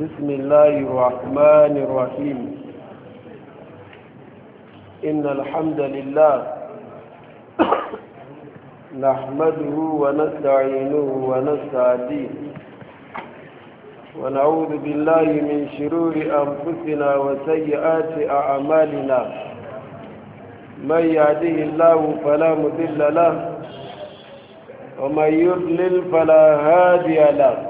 بسم الله الرحمن الرحيم إن الحمد لله نحمده ونستعينه ونستعديه ونعوذ بالله من شرور أنفسنا وسيئات أعمالنا من يهده الله فلا مذل له ومن يضلل فلا هادي له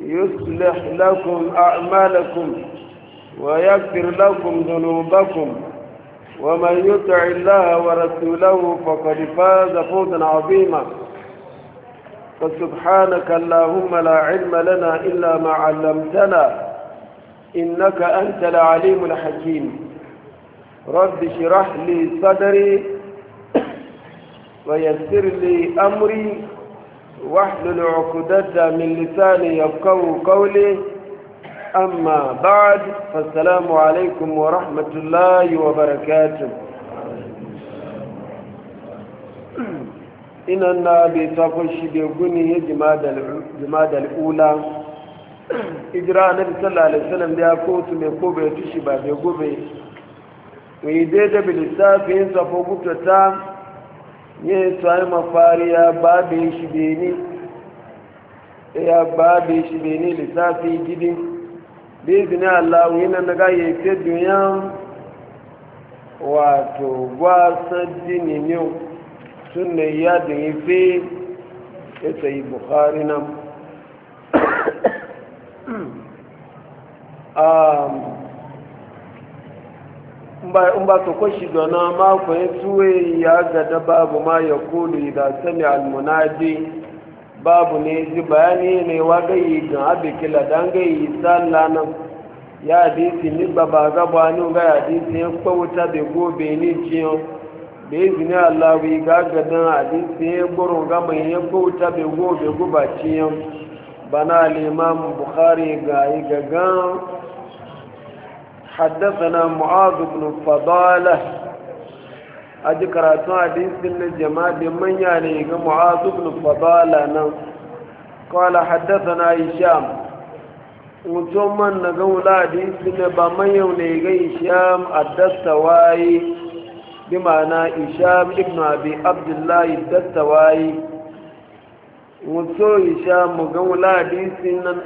يصلح لكم أعمالكم ويغفر لكم ذنوبكم ومن يطع الله ورسوله فقد فاز فوزا عظيما فسبحانك اللهم لا علم لنا إلا ما علمتنا إنك أنت العليم الحكيم رب اشرح لي صدري ويسر لي أمري واحلل عقدة من لساني يفقه قولي أما بعد فالسلام عليكم ورحمة الله وبركاته إن النبي تقشي بيقوني جماد الأولى إجراء النبي صلى الله عليه وسلم دي أكوت من قبل تشبه بيقوبي ويدي دبل السافين صفوقتها ye tsaye mafari ya baabi shi beni e ya baabi shi beni lissafi gidi ni allahu yana na gaye ta duniya wato gwasan jini ne tun ne ya da ya ya e tsayi bukari nan um, in ba su kwashi gana mako ya tuwe ya gada babu ma ya kulu da sami almunadi babu ne ji bayani ne wa gayi ga abu kila dan gayi sallah nan ya hadisi ni baba gaba ni ga hadisi ya kwauta da gobe ni ciyon da izini Allah wi ga gadan hadisi ya goro gama ya kwauta da gobe guba ciyon bana al-imam bukhari ga yi gagan حدثنا معاذ بن فضالة أجي كراتون حديث الجماعة من يعني معاذ بن فضالة قال حدثنا هشام mutum man na ga wula hadisi ne ba man yau ne ga isham addastawayi bi ma'ana isham ibn abi abdullahi addastawayi mutum isham mu ga wula hadisi nan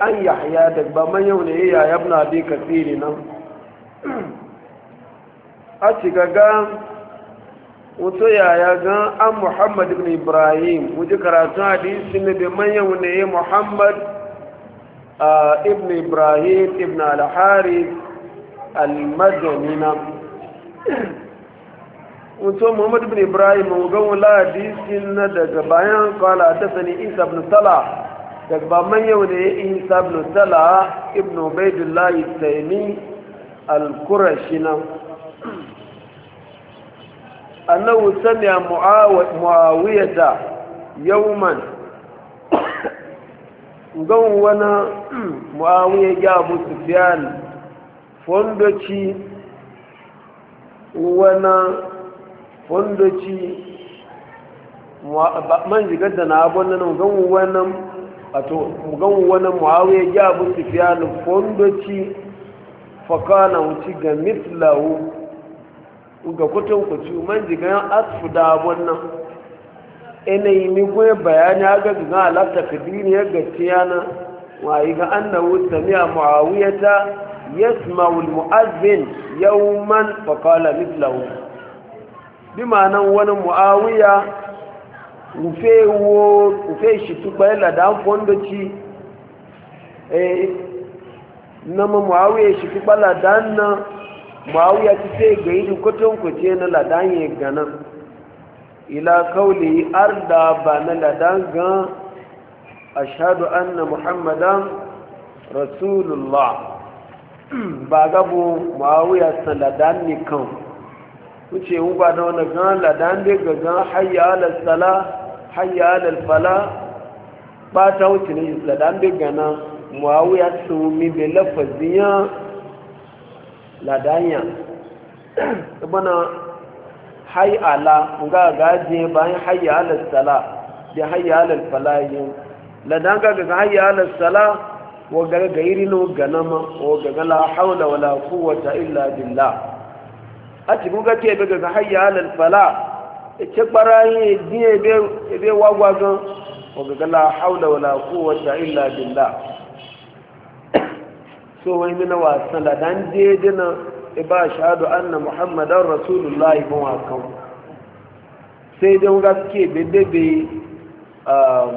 an yahya da ba man yau ne ya yabna bi kasiri nan a shiga gan wato yaya gan an muhammad ibn ibrahim wuji karatun hadisi ne bai manyan wune ya muhammad ibn ibrahim ibn al-harith al-madani wato muhammad ibn ibrahim gan wula hadisi na daga bayan kwala ta sani isa ibn tala daga ba manyan wune ya isa ibn tala ibn ubaidullahi taimi al-qurashi nan annahu sami'a muawiyata yawman gan wani muawiya ya abu sufyan fondoci wani fondoci man jigar da na abun nan gan wani a to gan wani muawiya ya abu sufyan fondoci fakana wuci ga mislawu, ga kutun kuci man gan asfu da wannan ina yi mi goyi bayani a ga alafta kadini ya gaciya na wa yi ga annahu sami'a muawiyata yasma'u almu'adhdhin yawman fakala mitlawu bima nan wani muawiya ufe wo ufe shi tuba ila da fondo ci eh, na ma muawiya shi fi ba ladan na muawiya ti sai ga yi kwatan kwace na ladan ya gana ila kauli arda ba na ladan ga ashhadu anna muhammadan rasulullah ba gabo muawiya sa ladan ni kan wuce mu ba da wani gan ladan da ga gan hayya ala sala hayya ala fala ba ta wuce ne ladan da gana muawiya sumi be lafaziya ladanya bana hay ala nga gaje bayan hay ala sala da hay ala falayin ladan ga ga hayya ala sala wa ga gairi no ganama wa ga la hawla wala quwwata illa billah ati buga ke be ga hay ala fala ce barayin e diye be be wagwagan wa ga la hawla wala quwwata illa billah so wai mina wasan da dan daidai na e ba shahadu anna muhammadan rasulullahi bin wakan sai dai wanda suke bebebe um,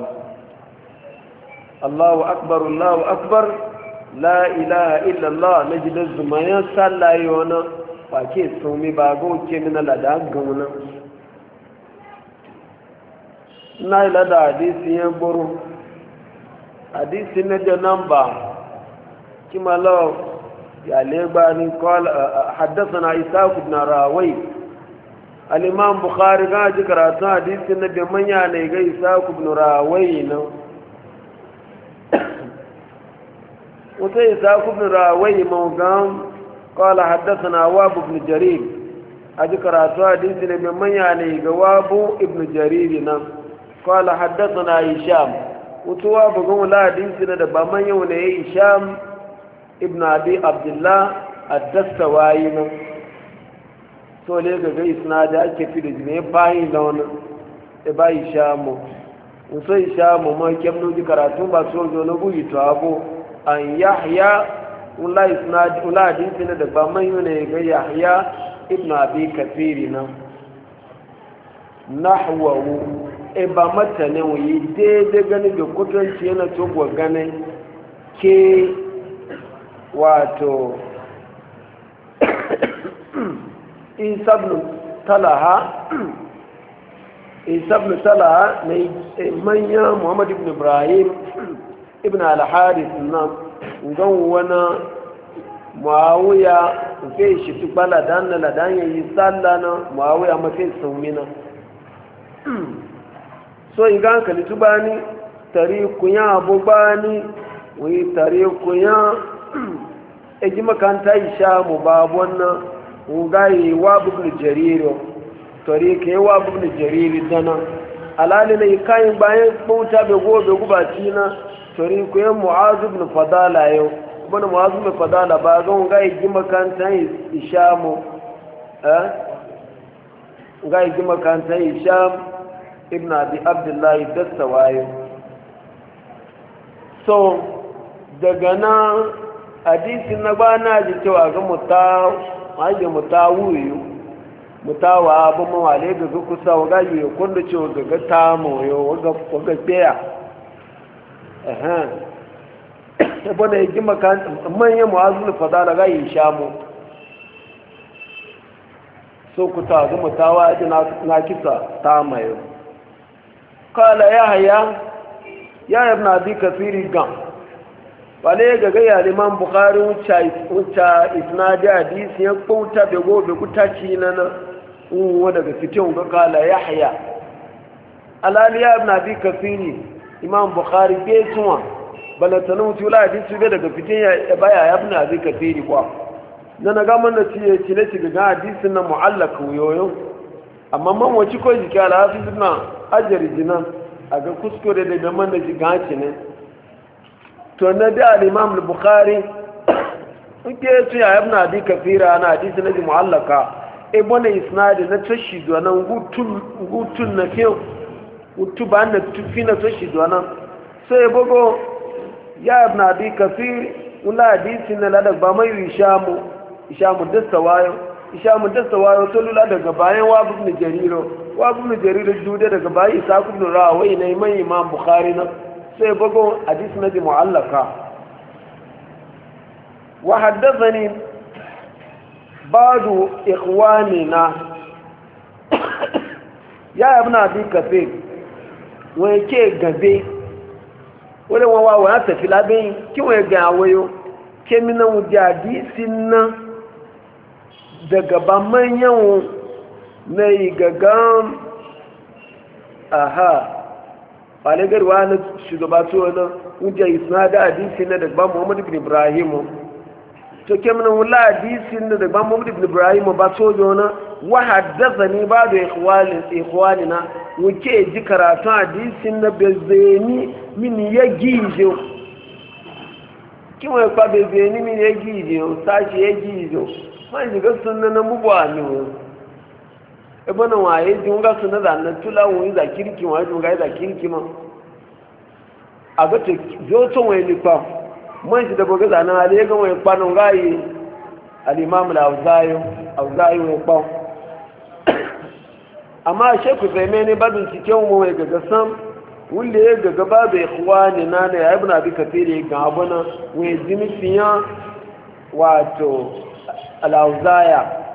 allahu akbar allahu akbar la ilaha illallah na gidan zumayen sallaye wani wake sumi ba ga oke lada gauna na ilada hadisi ya gburu hadisi na da namba كما لو يا ليباني قال حدثنا إساق بن راوي الإمام بخاري قال ذكر حديث النبي من يعني إساق بن راوي وسي إساق بن راوي موقام قال حدثنا واب بن جرير أذكر حديث النبي من يعني واب بن جرير قال حدثنا هشام وتواب قوم لا حديثنا دبا من يعني هشام ibn abi abdullah ad-dastawayi nan to ne ga ga isnadi ake fi da ne bayin da wani e bayi shamu in so shamu ma kemno ji karatu ba so jo na buyi to abu an yahya ula isnadi ula hadisi ne da ba man ne ga yahya ibn abi kafiri nan nahwahu e ba mata ne wuyi daidai gani ga kutanci yana togwa ganin ke wato Isabnu talaha isa ibn talaha mai eh, manya muhammad ibn ibrahim ibn al-harith nan gan wana muawiya fe shi tukpa ladan na ladan yayi sallah na muawiya mafi sumina so in gan kali tubani tari kunya abubani wi tari kunya egi makanta isha mu babu wannan ugaye wa bubni jariro tori ke wa bubni jariri dana alali ne kayan bayan bauta be go gobe gubaci na tori ku yan mu'az ibn fadala yau bana mu'az ibn fadala ba ga ugaye egi makanta isha mu eh ugaye egi makanta isha ibn abi abdullah dastawayo so daga nan hadisi na gbana ji cewa ga muta waje muta wuyu muta wa ba mu wale ga kusa wa gaji ya kundu cewa ga ga ta moyo wa ga tsaya ehem ta bane ya ji makan manyan mu'azul fadala ga yi mu. so ku ta ga muta wa ji na kisa ta mayo kala ya haya ya ibn abi kasiri gam wale ga gaya liman bukari wuta da hadisi ya kouta da gobe ci na na uwa daga fitin ga kala haya alaliya na bi kafiri imam bukari betuwa tuwa balatanin wuce wula hadisi ga daga fitin ya baya ya na bi kafiri kuwa. na na gama na ciye cile ci gaga hadisi na mu'allaka yoyo amma man wace ko jiki alhafi suna ajiyar jina a ga kuskure da gaman da jiga ne to na da al-imam al-bukhari nke tu ya ibn abi kafira na hadisi na mu'allaka e bona isnadi na tashi do nan gutun gutun na ke utu ba na tufi na tashi do nan sai e bogo ya ibn abi kafir ula hadisi na ladak ba mai ishamu ishamu da sawayo ishamu da sawayo to lula daga bayan wa ibn jariro wa ibn jariro dude daga bayi isa ibn rawai ne imam bukhari na sai bago hadisi na mu'allaka wa haddathani ba'du ikhwanina ya ibn abi kafir wa yake gabe wani wọn wá wọ́n àtẹ̀fì lábẹ́yìn kí wọ́n gan àwọn yóò kémi náà wọ́n di àdísí ná dàgàbà mẹ́yẹ̀wọ̀n na faligarwa na shugaba tuwa na wujen isna da hadisi na daga muhammad ibn ibrahim to ke mana wula hadisi na daga muhammad ibn ibrahim ba sojo na wa haddasa ni ba da ikhwani na wuke ji karatun hadisi na bezeni min ya gije kiwon kwa bezeni min ya gije sashi ya gije man shiga sunna na mubuwa ne ibana waye jin ga suna da na tula wani za kirki waye jin yi za kirki ma a ga to zo to wani lipa man shi da boga zanan ale ga wani kwano gayi al-imam al-awzayo awzayo wani kwa amma sheku zaime ne babin cikin mu mai gaga sam wanda ya gaga babu ikhwani na ne ya yi abi kathiri ga abuna wani jimifiya wato al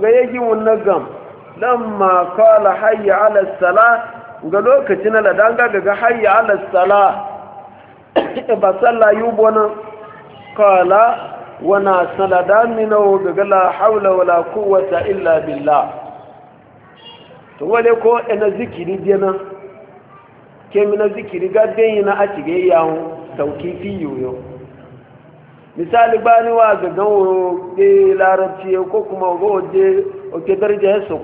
ga yake wannan gam ma kala hayya ala sala ga lokacin da danga ga hayya ala sala ba sallah yubona kala wana salada mino ga la haula wala quwwata illa billah to wale ko ina zikiri dena ke mina zikiri ga dena a cige yawo tauki fi yoyo misali bani wa ga wuro, ke larabci ko kuma ga waje ke darja ya su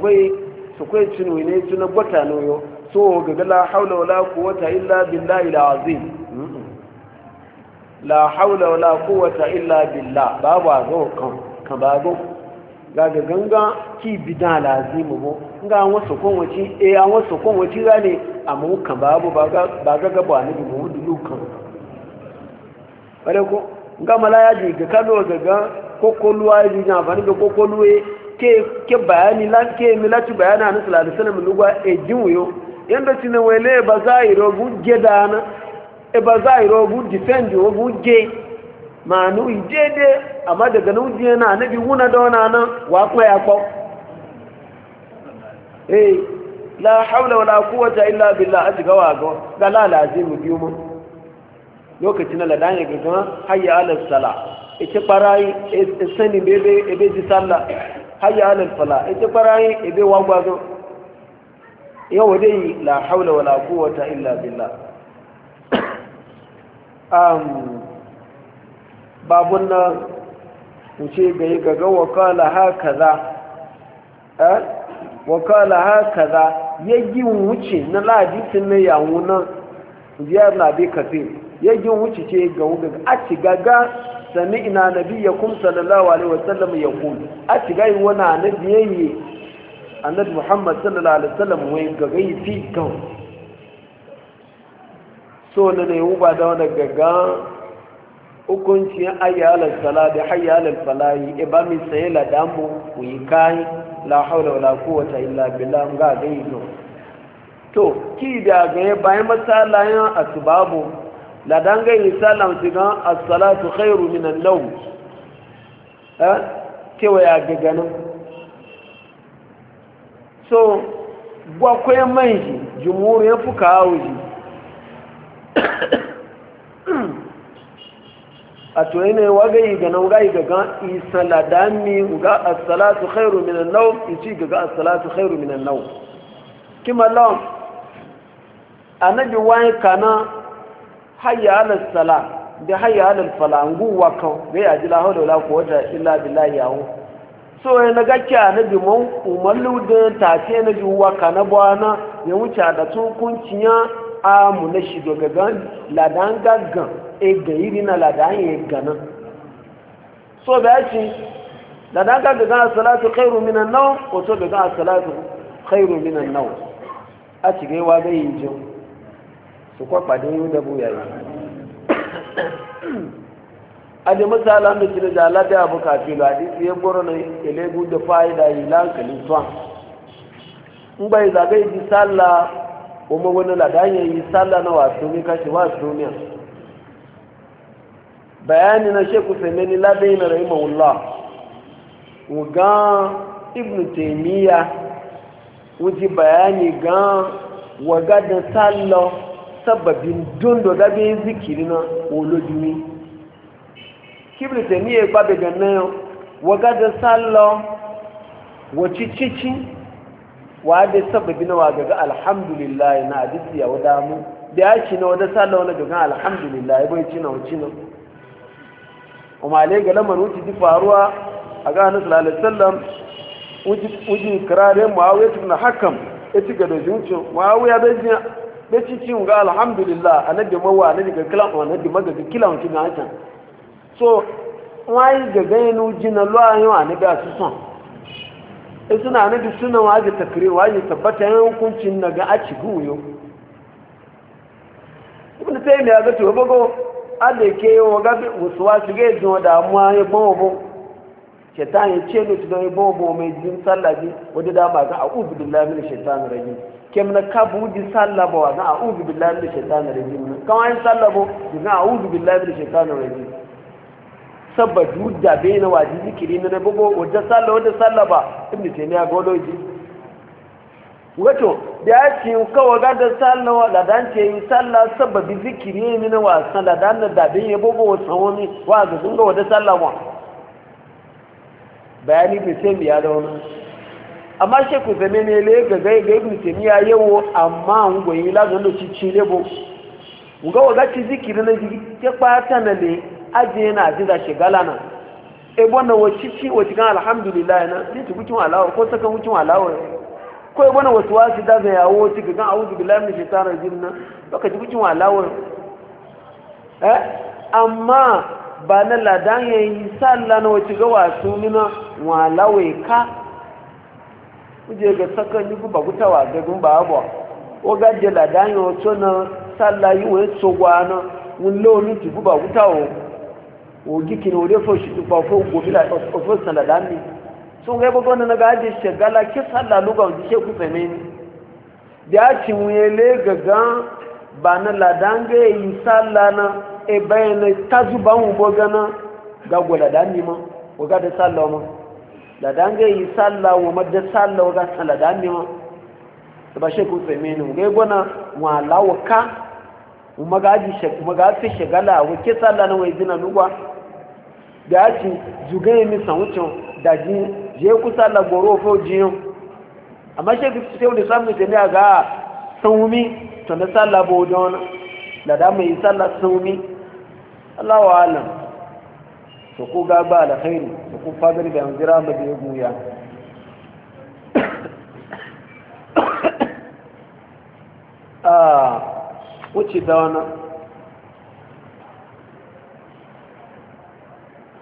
sokwai cinu ne tuna gwata ne yo so ga la haula wala quwwata illa billahi alazim la haula wala quwwata illa billah babu azo kan kan babu ga ga ganga ki bidan lazim bo ga an wasu kon waci eh an wasu kon wace zane amma kan babu ba ga ba ga ba ne bi mu dulu kan bare ko nga ya ji ga kano daga kokoluwa ya ji amfani da kokoluwa ke bayani ke milaci bayani la nasu lalisanin minugwa e jinwuyo yadda ci na wele ba za a yi rogun ge dana e ba za a yi rogun e defend rogun ge ma nu ijede amma daga nan ujiye na anabi wuna da wani nan wa kuma ya kwa eh la haula wala quwwata illa billah ajiga wa ga la lazim biyu mu lokaci na ladan ya gagan hayya alal sala ita barayi e, e, sani bebe ebe ji sallah hayya alal fala ita barayi ebe wagwazo yau dai la haula wala quwwata illa billah um babun nan wuce ga yi gaga wakala haka za eh wakala haka za ya yi wuce na ladisin na yawon nan ziyar na bi kafin ya wuce ce ga wuga a ci gaga sami ina nabi ya kum sallallahu alaihi wasallam ya kum a ci gayi wani annabi ya yi annabi muhammad sallallahu alaihi wasallam wai ga yi fi kan so na ne wuba da wani gaga hukuncin ayyalar sala da hayyalar falayi e ba mi saye la damu ku yi la haula wala quwwata illa billah ga gayi to ki da ga bayan masalayan asbabu la dangai misalan su gan as-salatu khairu min an-nawm eh kewa ya gagana so gwa koyan man shi jumhur ya fuka hawo shi a to yana yawa gayi ga nan gayi ga gan isa ladami ga as-salatu khairu min an-nawm ichi ga as-salatu khairu min an-nawm kima lawan annabi wani kana hayya ala sala da hayya ala falangu wa kan ga a ji la hawla wala quwwata illa billahi yawo so ya eh, na gakki na mun umallu da ta na ji wa kana bwana ya wuce da tukunciya a mu na shi daga gan ladan gaggan e ga iri na ladan ya gana so ba shi ladan gaggan salatu khairu minan nawm ko to gaggan salatu khairu minan nau a cigewa ga yin jin su kwa fadin yau da buyayi a da misala mai kina da ala da abu kafin da hadisi ya goro na elegu da fa'ida yi lankalin tuwa in bai zaga yi salla kuma wani ladan ya yi salla na wasu ne kashi wasu ne bayani na sheku semeni ladai na rahimahullah wuga ibn taimiyya wuji bayani gan waga da sallah sababin dondo gabe zikiri na olojumi kibiri tẹ̀mí ẹgbà bẹ̀gẹ̀ náà wọ́gádẹ sálọ wọ́chí ci ci wa dé sababi na wà ga alhamdulillah na ya wada mu Da a ci na wada sallo na gàgà alhamdulillah ẹgbẹ́ ci na ci na ọmọ alẹ́ gẹ̀lẹ́ mọ̀ wọ́n ti di faruwa a ga hannu sallallahu sallam uji wọ́n ti mu muawiya tukuna hakan ya ci gada zuciya muawiya bai jiya da cikin ga alhamdulillah annabi mawa annabi ga kila annabi maga ga kila wanki ga can so wai ga gainu jina lwa yo annabi a susan e suna ana annabi suna waje takre waje tabbata yan hukuncin na ga aci guyo ibn taymiya ga to bago ade ke yo ga wasu ga jin da mu ya bobo shaitan ya ce ne tunan bobo mai jin sallabi wadda dama ga a'udhu billahi min shaitanir rajim kem na kabu ji sallaba wa na a'udhu billahi minash shaitanir rajim kan ayin sallabo na a'udhu billahi minash shaitanir rajim sabba dudda baina waji zikiri na bugo wajja sallaba da sallaba ibn taymiya goloji wato da ya ce kawai ga da sallawa da dan ce yi salla sababi zikiri ne na wa da dan da bin ya bugo wasan wani wa ga dinga ga wajja sallama bayani bi sai biya da wannan amma shi ku zame ne le ga gai ga ibn taymiya yawo amma an goyi la zan ci ci le bo ga waga ci zikiri na jigi ke kwata na le aje na ji da shigala na e bona wa ci ci wa tikan alhamdulillah na ni tu kucin alawo ko saka kucin alawo ko e bona wasu wasu da zai yawo ci ga a'udhu billahi minash shaitanir rajim na baka ji kucin alawo eh amma ba na ladan yayi sallah na wace ga wasu mina walawai e ka kuje ga sakan yi guba gutawa ga gumba abuwa o ga je la dan yo to na salla yi we so gwa na mun lo ni ti guba gutawo o gikin o de fo shi tu pa fo go bila o fo sala dan ni so ga bogo na ga je la ki salla lu ga ji ku fe ni da ci mu ele gaga ba na la dan ga yi salla na e bayana tazuba mu boga na ga gola dan ni ma o ga da salla mo. ladange yi sallah wa madda sallah wa gasa ladange ma da ba shekun tsemeni ga gwana wa lawaka kuma ga fi gala, wa ke sallah na wai dina lugwa da ya ci zuga yi misan wucin da ji je ku sallah goro fo jiyan amma shekun tsemeni da samun ne ga sanwumi to na sallah bo don ladange yi sallah sanwumi Allahu alam to ku ga ba alkhairi to ku fadar da yanzira ba da ya goya a ah, wuce da wani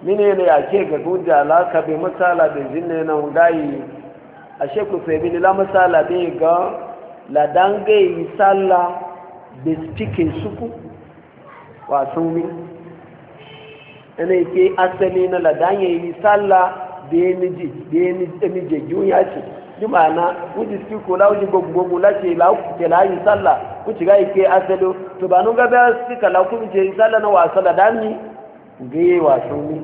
mine ne a ke ga gudu alaka bai matsala da zinne na hundayi a shekku sai bi la matsala bai ga ladangayi sallah da suke suku Wa wani ina ke asali na ladan ya yi sallah da ya miji da ya miji giyun ya ce ji ma'ana wuji su kula wuji gogogo la ce la ke la yi sallah ku ci gai ke asali to ba nun gaba su kala ku ce yi sallah na wasa ladan ni gaye wasu ni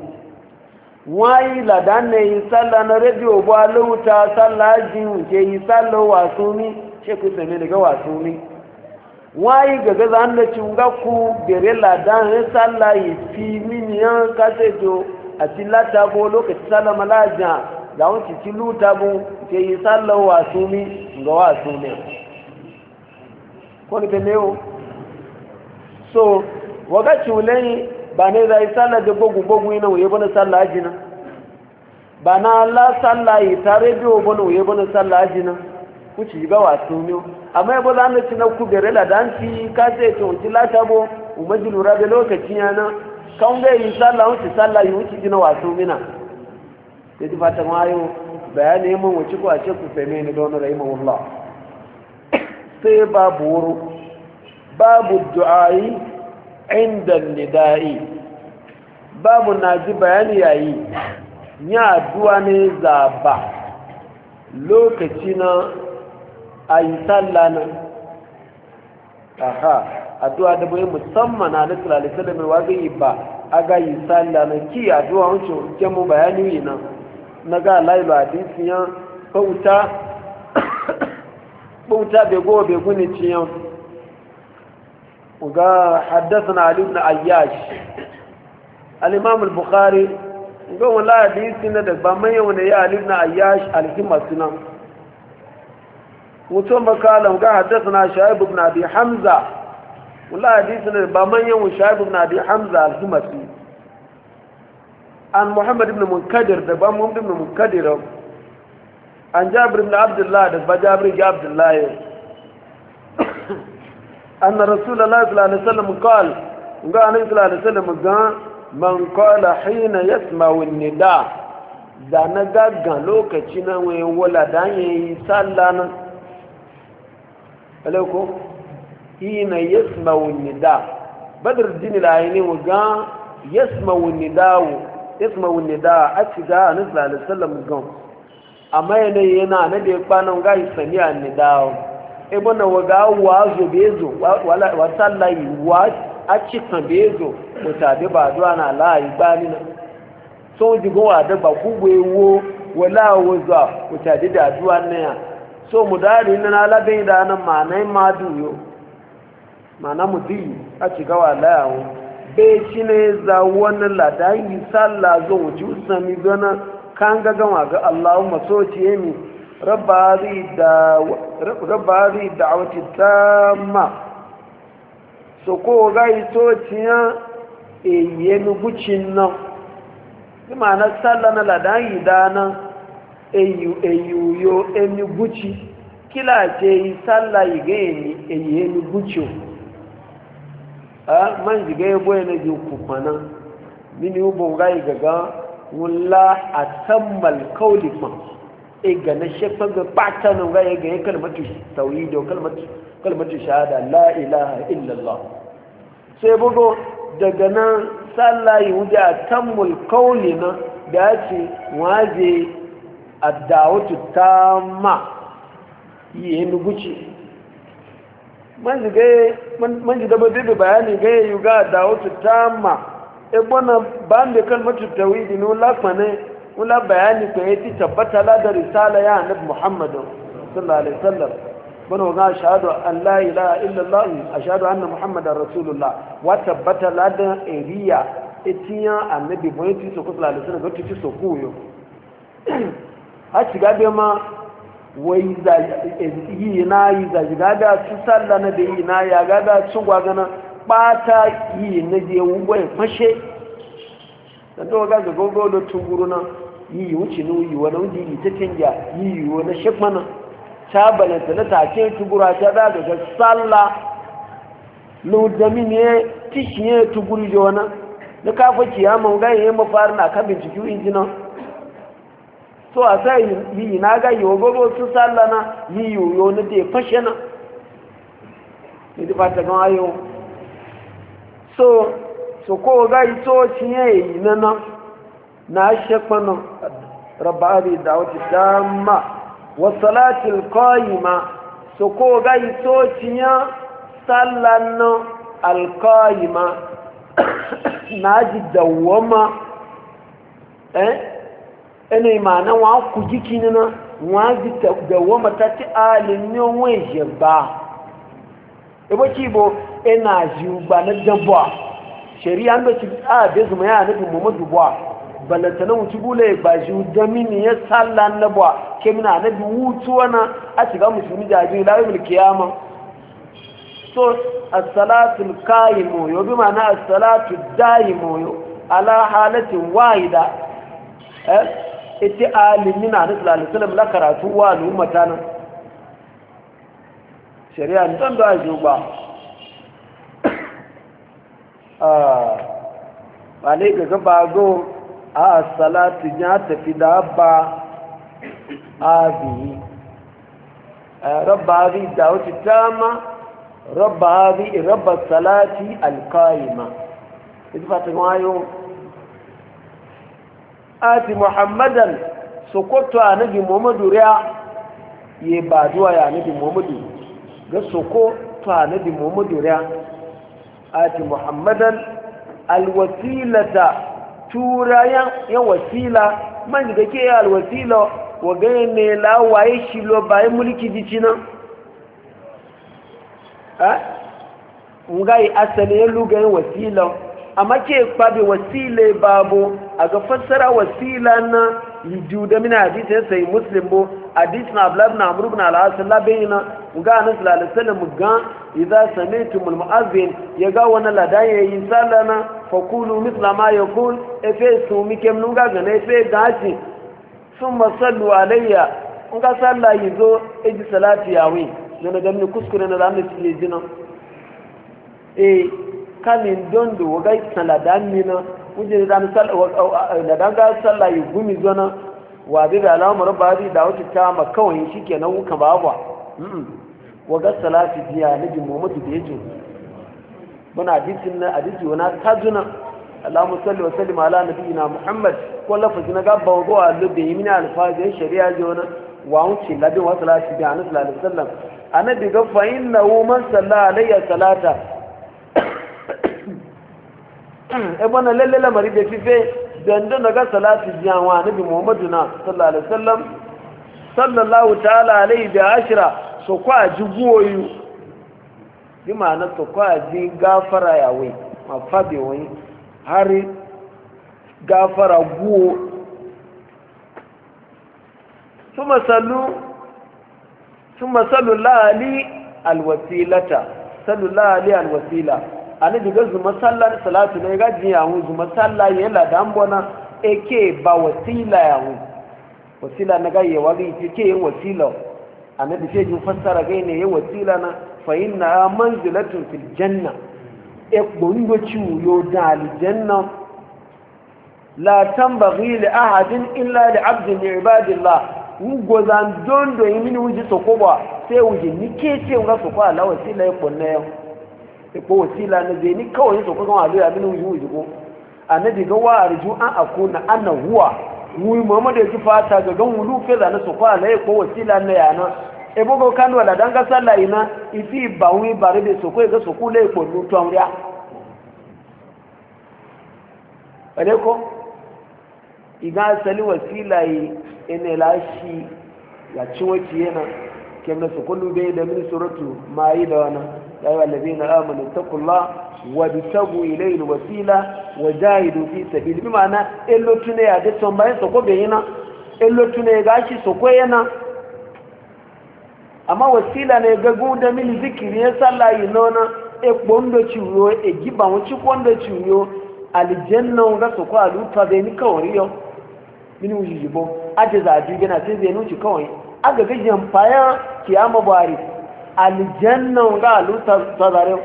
wani ladan ne yi salla na rediyo ba lauta sallah jin ke yi salla wasu ni ce ku sami daga wasu ni wayi gaga za na cunga ku bere ladan ya salla yi fi miniyan kasejo a ti lata bo lokaci salla malaja da wani ci luta bo ke yi salla wasu mi ga wasu ne ko o so waga culen ba ne za yi salla da bogu bogu ina wuye bana salla ajina ba na la salla yi tare biyo bana wuye bana salla kuci yi wasu sun amma ya za mu ci na ku gare la dan ci ka sai to ji la bo umaji lura da lokaci ya na kan ga yi sallah wuce sallah yi wuce jina wasu mina da ji fatan wayo bayani mun wuce ko a ce ku sai ne don rahimahullah sai babu wuru babu du'ai inda nida'i babu na ji bayani yayi ya addu'a ne zaba lokaci na ayyutan lanin aha addu'a da bai musamman a nasu lalisa da mai wagayi ba a ga yi salla na ki addu'a wuce wuce mu bayani yi nan na ga layi ba hadisi yan bauta bauta bai gowa bai gune ci yan ga haddasa na ali ibn ayyash al-imam al-bukhari ga wala hadisi na da ba mai yawan ya ali ibn ayyash al-himasuna mutum makalam ga haddasa shaibu na bi hamza wala hadisi ne ba manyan wa shaibu na bi hamza al an muhammad ibn munkadir da ba muhammad ibn munkadir an jabir ibn abdullahi da ba jabir ibn abdullah anna rasulullah sallallahu alaihi wasallam qala ga annabi sallallahu alaihi wasallam ga man qala hina yasma'u an-nida da na gaggan lokaci na wula wala dan yayi sallah alauko ina yasmawun nida badar jini layini ga yasmawun nidawo wani nida a ciga a nisa alisallam gan amma yanayi yana na da ya kwanan ga sami a nidawo ebe na waga wazo bezo wa e layi wa a cikin bezo mutabi ba zuwa na layi ni na so jigon wa da ba kugbe wo wala zuwa mutabi da zuwa na ya so dari na labin da nan ma'anai ma duyo mu mudi a ci gawa layawo bai shi ne za wani yi salla zo wuce usami gana kan ga gama ga allahu maso ciye mi rabari da ta ma so ko yi so yi eye mi gucin nan ma'ana salla na ladayi da nan eyu eyu yo emi guchi kila ce isala igeni eyi emi guchi a man ge bwene ji kupana mini ubo ga gaga wula a sammal kauli ma e ga na shefa ga pata no ga ga kalmatu tauhid o kalmatu kalmatu shahada la ilaha illallah sai bugo daga nan salla yi wuja tammul kauli na da ce waje addawatu tamma yi guci man ji daba bebe bayani ga yi yuga addawatu tamma ebona ban da kalmatu tawhidi no lafane wala bayani ko yati tabbata la da risala ya annabi muhammadu sallallahu alaihi wasallam bana ga shahadu an la ilaha illallah ashhadu anna muhammadar rasulullah wa tabbata la da eriya etiyan annabi boye ti so ko sallallahu alaihi wasallam ga ti so ko yo a shiga bai ma wai eh, yi na yi za shiga su sallah na da yi na ya ga su gwagana bata yi na je wugwai fashe da to ga ga gogo da tun na yi wuce ni yi wani wuce yi ta canja yi yi wani shekmana ta balanta na take tugura ta da ga sallah lodami ne tishiye da wani na kafa kiyama ga yi mafarin a kan bincike injinan so a sa yi na ga yi gogo su salla na yi yoyo na te fashe na ni di fata gan ayo so so ko ga yi to cinye yi na na na kwano rabba abi da wata dama wa salatil ma so ko ga yi to cinye salla na alqayima na ji dawoma eh ene ìmàna wa á na jíkí nínú wọn á di tẹ̀wọ́ mọ̀tá tí a lè ní a ebo ci bo ina na dabwa shari'a da ci a da zuma ya nabi muhammadu bwa balanta na wuci bule ba ji da mini ya salla na ke mina na bi wutu wana a shiga musulmi ji la yawmil qiyama so as-salatu al-qaimu yo bi ma'ana as-salatu daimu ala halatin wahida eh ita alimin na nasu alisalam na karatu wa al'ummata nan shari'a don da aji ba ba ne ah, ga gaba go a salatu ya tafi da ba a biyi ah, rabba zai da wuce tama rabba zai rabba salati alkaima ita fata kuma ati muhammadan sokoto nabi muhammadu riya yi ba zuwa ya nabi muhammadu ga soko to nabi muhammadu riya ati muhammadan alwasilata tura ya wasila man da ke alwasila wa gani ne lawaye shi lo bayan mulki nan ha ngayi asali ya lugayen wasila amma ke babu wasile babu a ga fassara wasila na yidu da mina hadisi ya sayi muslim bo hadisi na abu labin amuru bin al'asir labin na ga anas lalisalim ga idan samitu mulmu'azin ya ga wani ladan ya yi sallana fakulu misla ma ya kun efe su mike mun ga na efe gashi sun masallu alayya in ka sallah yi zo eji salati yawi da na gami kuskure na zamu ci jinan kamin don da waga saladan mina wujin da dan ga sallah yi gumi zona wa bi da alama alamu bi da wata ta ma kawai ba kuka Wa ga salati biya nabi muhammadu da ya yaje muna hadisin na hadisi wana tajuna Allahumma salli wa sallim ala nabiyyina Muhammad ko lafazi na gabba wa gowa lubbe yi mini alfazin shari'a ji wani wa wuce labin wa salati biya na sallallahu alaihi wasallam annabi ga fa wo man salla alayya salata ibana lalle lamari da fife dandan daga salatu jiyanwa nabi muhammadu na sallallahu alaihi wasallam sallallahu ta'ala alaihi da ashira so kwa ji goyu bi ma'ana to kwa ji gafara ya wai ma fabe wai har gafara guwo suma sallu suma sallu lali alwasilata sallu lali alwasila anabi ga zuma sallar salatu ne ga jiya hu zuma sallar ya la dan bona eke ba wasila ya hu wasila na ga ya wali ke yin wasila anabi ce jin fassara ga ne ya wasila na fa inna manzilatun fil janna e gbondo ci yo da aljanna la tambaghi li ahadin illa li abdin min ibadillah gozan dondo yimini wuji sokoba sai wuji nike ce nga sokoba la wasila ya bonne ko wasila na zai ni kawai to kuma wazo ya mini wuju wuju ko annabi ga wa arju an akuna anna huwa wuyi muhammadu ya ji fata ga gan wulu fe zane su kwa alaye ko wasila na yana e bogo kan wala dan ga salla ina ifi ba wi bare de so ko ga so kule ko lu to amriya ale ko iga sali wasila yi ene lashi ya ciwo ciyena kemna so kullu be da min suratu mai da wana يا أيها الذين آمنوا اتقوا الله وابتغوا إليه الوسيلة وجاهدوا في سبيله بمعنى إلو تنيا دي تنبعي سوكو بينا إلو تنيا غاشي سوكو ينا أما وسيلة نيغاقو دمين ذكر يسالة ينونا ekpondo chiwo egiba mu chikwondo chiwo alijanna nga sokwa alupa be ni kawai yo mini ujibo ajige na teze aga aljanna ga aluta ta zare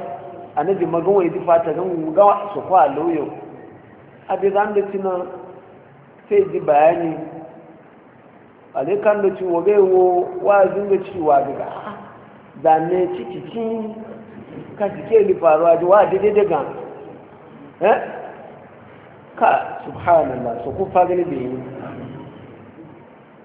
annabi magan idi fata gan ga su kwa loyo abi zan da tina sai ji bayani ale da ci wobe wa zin da ci wa daga da ne ciki kin ka jike ni faruwa ji wa daidai daga eh? ka subhanallah so ku fagani da yi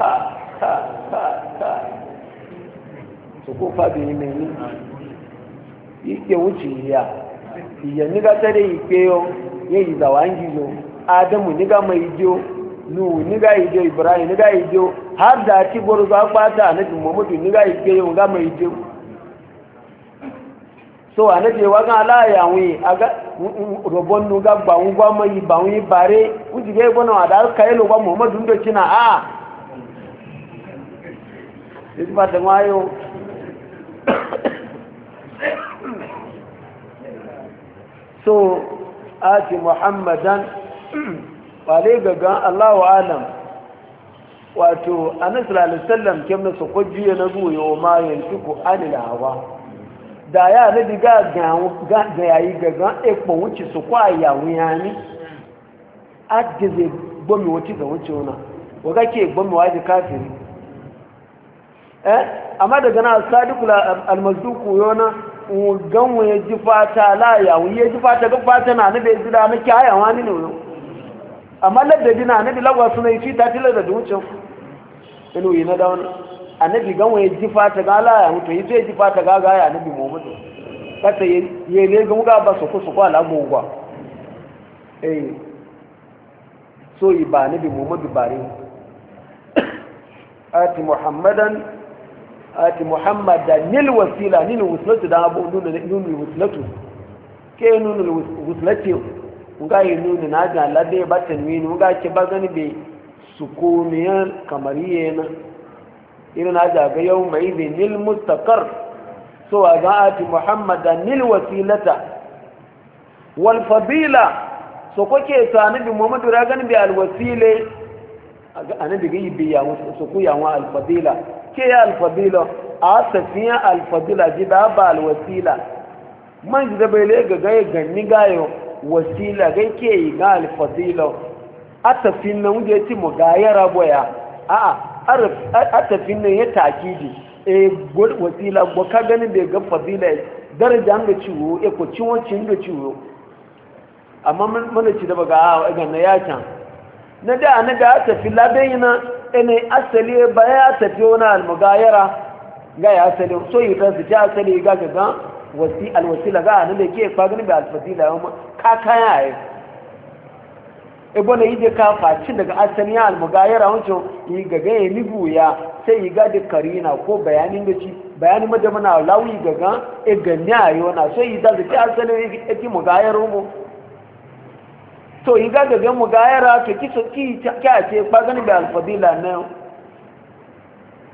ka ka ka ka ni ike wuce ya iya niga tare ike yo ye izawa ngizo adamu niga ibrahim niga har da ci gwaro za a nabi muhammadu niga ike ga so a wa ala ya aga ga gba ngwa mai ba wi bare uji ga ibona da kai lo gwa muhammadu ndo ah, nígbà tí wọ́n yóò so ati muhammadan wale gagan allahu alam wato anasra alisallam kemna su kwajiya na goyo ma yanzu ku anila hawa da ya na diga ga yayi gagan ekpo wuce su kwa yawu ya ni a zai gbomi wuce ga wuce wuna waga ke gbomi waje kafiri Eh? amma daga na sadikula almazduku yona ganwa ya ji fata la ya ya ji fata ga fata na nabe zira na kaya wani ne yau amma ladabi na nabi lagwa suna yi ta tilar da dukkan inu yi na da wani annabi ganwa ya ji fata ga la ya mutu yi sai ji fata ga ga ya annabi muhammadu kata ya ne ga muka ba su ku su kwala gogwa eh so yi ba nabi muhammadu bare ati muhammadan ati muhammad da nil wasila nil wasilatu da abu nuna nuna wasilatu ke nuna wasilatu nga yi nuna na ga lade ba tanwini nga ke ba gani be sukuniyan kamariye na irin na ga ga yau mai bi nil mustaqar so a ga ati muhammad da nil wasilata wal fadila so kwake ta bi muhammadu ra gani bi al wasile anabi ga ya wasu so ku wa al fadila ke alfadila a tafiyan alfadila ji da ba alwasila man ji da bai le ga gaya ganni gayo wasila gai ke yi ga alfadila a tafin nan wuje ci mu gayara boya a a tafin nan ya takiji e wasila ba ka gani bai ga fadila daraja an ga ciwo e ko ciwon cin ga ciwo amma mana ci da ba ga a ga na can na da na ga tafi ladan na ene asali ba ya tafi wani almugayara ga ya asali so yi ta su ci asali ga gaga wasi alwasila ga nan da ke fagani ba alfasila yau ka kaya yi ebo na yi da ka faci daga asali ya almugayara wancan yi ga ga ya nigu ya sai yi ga da karina ko bayanin da ci bayanin madama na lauyi gaga e ganni a yi wana so yi ta su ci asali ya e ki e mugayar mu to yi ga gaga mu ga yara to kisa ki kya ce ba gani da alfadila na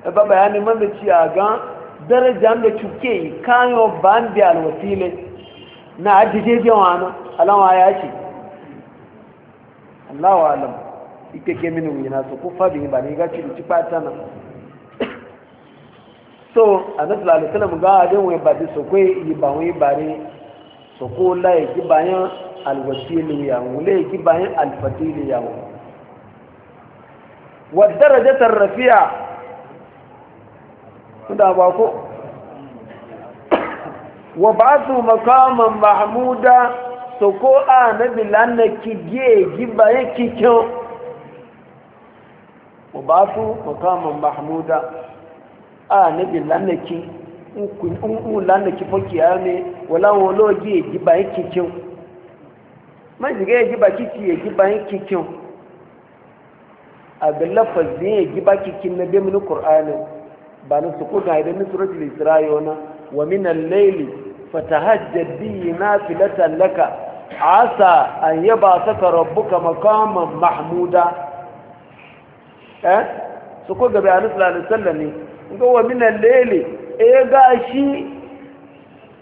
e ba bayanin man da ci a ga darajan da cuke kayo ban da alwasile na ajije je wani alama ya ce Allahu alam ike ke mini wuyina so ko fa bi ba ni ga ci ci pata na so annabi sallallahu alaihi wasallam ga adin wai ba bi so ko yi ba wai bare so ko lai ki bayan alwasili yawo laiki bayan alfatili yawo wadda rajatar rafiya da ba ko wa ba su makaman mahmuda su ko a na bilana ki gegi bayan kikin wa ba su makaman mahmuda a na bilana ki in lanaki fakiya ne wala wani oge gibayen kikin man shiga ya giba kiki ya giba yin kikin a ga lafazin ya giba kikin na bai mini ƙur'anin ba na suku ga idan nusratul isra'i na wa min al-layli fatahajjad bi nafilatan laka asa an yab'athaka rabbuka maqaman mahmuda eh suku ga bayanin sallallahu alaihi wasallam ne ga wa min al-layli eh gashi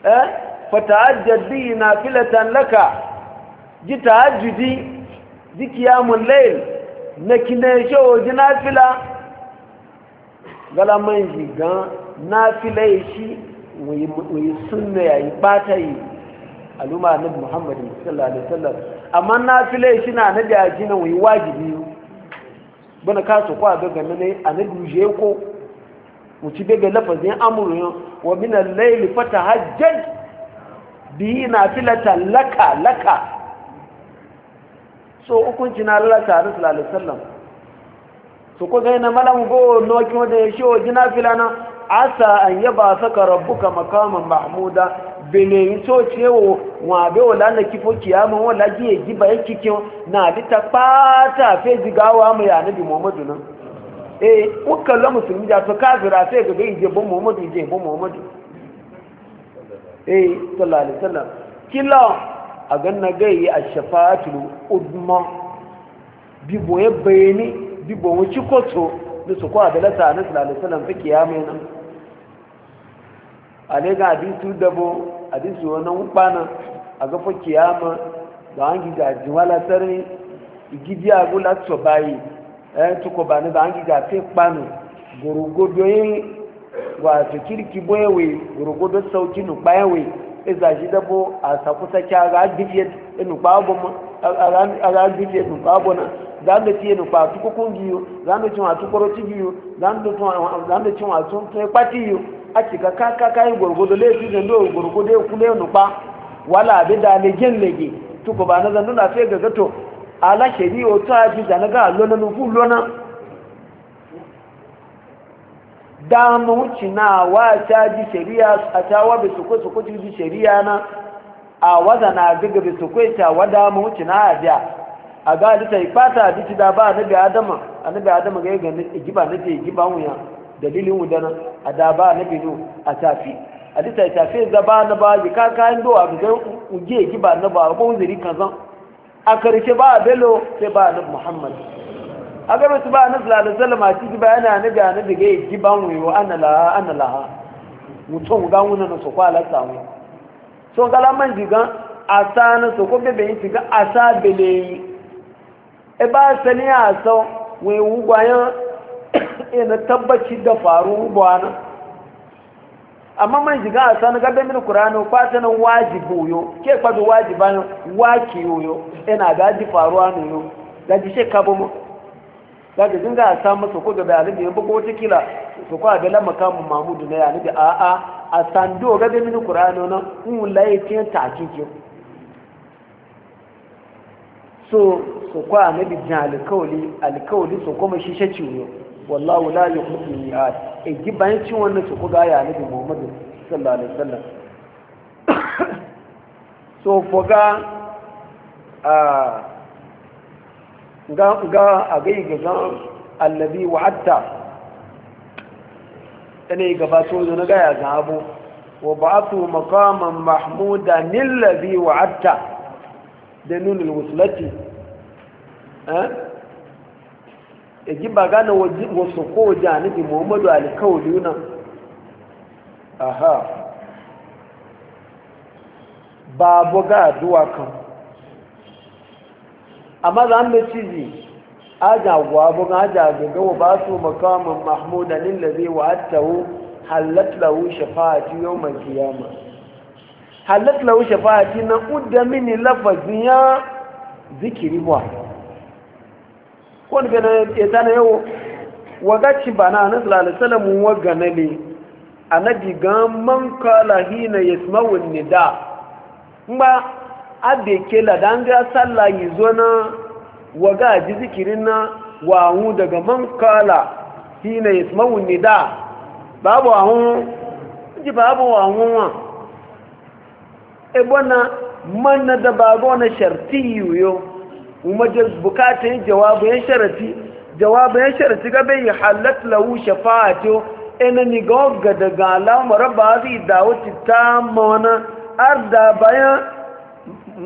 eh fatahajjad bi nafilatan laka ji tahajjudi ji kiyamun lail na kine shawo ji nafila galaman ji gan nafila ya shi wai sunna ya yi bata yi aluma annabi muhammad sallallahu alaihi wasallam amma nafila shi na annabi a na wai wajibi bana ka su kwa ga a na je ko mu ci daga lafazin amurin wa min al-layli fatahajjaj bi nafilatan laka laka so hukunci na Allah ta haru sallallahu alaihi so ko gaina malamu go no ki wanda ya sho jina filana asa an yaba saka rabbuka makaman mahmuda bene ito cewo wa be wala na kifo kiyama wala ji giba yake kin na dita pata fe jigawa mu ya nabi muhammadu nan eh ukan la musulmi da to kafira sai ga ga ije bon muhammadu ije bon muhammadu eh sallallahu alaihi wasallam kila a ganna gai a shafa'atul udma bibo ya bayani bibo wuci kwato da su kwa dalata na salalisalan fi kiyamai nan a ne ga hadisu dabo hadisu wannan kwana a gafa kiyama da an gida jiwala sarari igidi a gula so bayi ɗayan eh, tuko ba ni da an giga fi kpanu gorogodo yin wato kirki boyewe gorogodo sauki nukpa iza shi dabo a saku sake a ragifiye nufa abu na za mu ciye nufa tuku kungiyo za mu cin wasu kwaro cigiyo za mu cin a cika kaka kayan gwargwado laifin da ndo gwargwado ya kule nufa wala abin da ne gin lege na zanduna sai ga gato ala ta ji da na ga lona lona damu wa ta ji shari'a a ta wabe suku suku ji shari'a na a waza na gaga bi suku ta wada mu cina a biya a ga da ta ifata da ci da ba nabi adama a nabi adama ga ga igiba na ce igiba wuya dalilin wudana a da ba nabi nu a tafi a da ta tafi za ba na ba ji ka kayan do a ga uge igiba na ba ko zuri kazan a karshe ba a bello sai ba nabi muhammad agar wasu ba annabi sallallahu alaihi wasallam a ciki bayani annabi annabi ga yi ana wayo annala annala mutum ga wannan na sokwa la samu so kala man diga asa na bebe yi be a asa bele e ba sani aso we ugwayan e na tabbaci da faru ugwana amma man diga asa na gabe min qur'ani kwa sanan wajibu yo ke kwa wajiban waki yo ina gaji faruwa ne yo gaji shekabu mu za ka dinga a samu su da bai alibi yambo ko kila su kwa bela makamun mamudu na yalibi a a a sando ga bai mini kur'ani na un laye tiyan ta kike so su kwa nabi jan alkawali alkawali su kuma shi shi ciwo wallahu la yukhlifu mi'ad e gibayin cin wannan su kuga ya alibi muhammadu sallallahu alaihi wasallam so foga a ah, ga ga a gai ga zan allabi wa hatta tane gabato da na gaya ga abu wa ba'atu makaman mahmuda nillabi wa hatta da wasulati wuslati eh e ba gane wasu ko janibi muhammadu Alikawu nan aha babu ga duwa kan amma za mu a aja gwabu a gaga wa ba su makamun mahmuda lillazi wa attahu halat lahu shafa'ati yau mai kiyama halatlawu shafa'ati na udda mini lafazin ya zikiri wa ko ne na eta na yau wagaci ba na sallallahu alaihi wasallam wa a annabi ga man kala hina yasma'u nida mba abe ke ladanga sallah yi zo na waga ji zikirin na wahu daga man kala shi na nida. babu ahun ji babu ahun wa ebo na man na da babu na sharti yiwuyo kuma bukata yin jawabu yan sharati jawabu yan sharati gabe yi halat lahu shafa'atu ina e ni ga daga alamar ba zai dawo ta mana arda bayan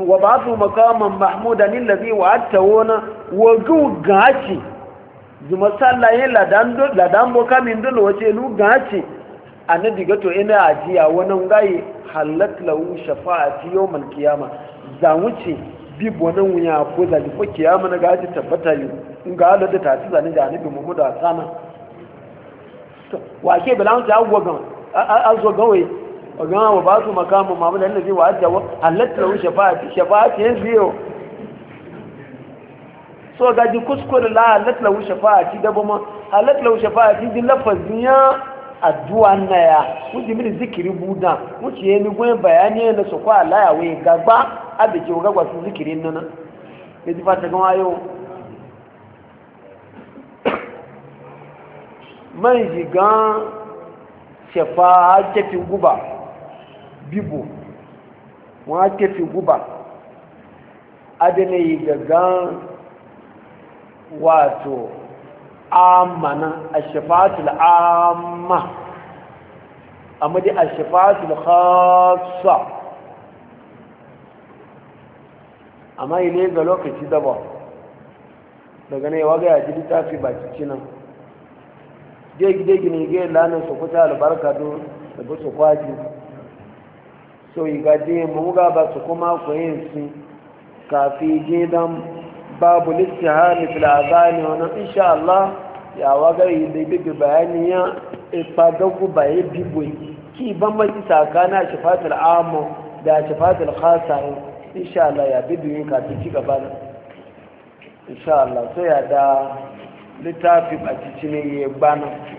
wa ba su makaman mahmuda ni wa atta wona wa gu gaci zuma sallaye ladan boka min dole wace lu gaci na diga to ina ajiya wani gayi halat lahu shafa'ati yawmal qiyama za wuce bi bonan wuya ko da ko kiyama na gaci tabbata yi in ga Allah da ci zanin da annabi Muhammad a sana to wa ke bilan ta gogan azwagan wai وقام وباسوا مقام معمول الذي وعد حلت له شفاعتي شفاعتي ينزيو so ga ji kuskure la halat lahu shafa'ati da bama halat lahu shafa'ati din lafazin ya addu'a na ya kuji min zikiri buda wuce ya ni bayani na so kwa la ya we gagba abike ga gwa su zikiri nan ne ji fata gan bibo wọn á tẹ̀fì gúbà adẹ́nẹ̀ yìí gàgán wàtò amana ashafatul amma amma dai ashafatul Khasa. amma yi ga lokaci daba daga ne waga ya ji littafi ba cici nan gege gine gege lanin su kuta albarka don su kwaji so igade muga ba su kuma yin su kafi gidan babu littihari fil azani wani insha Allah ya waga da bibi bayani ya ipa dogu baye bibo ki ban saka na shifatul amu da shifatul khasa insha Allah ya bibi yin kafi ci gaba na insha Allah so ya da littafi a cikin ya gbana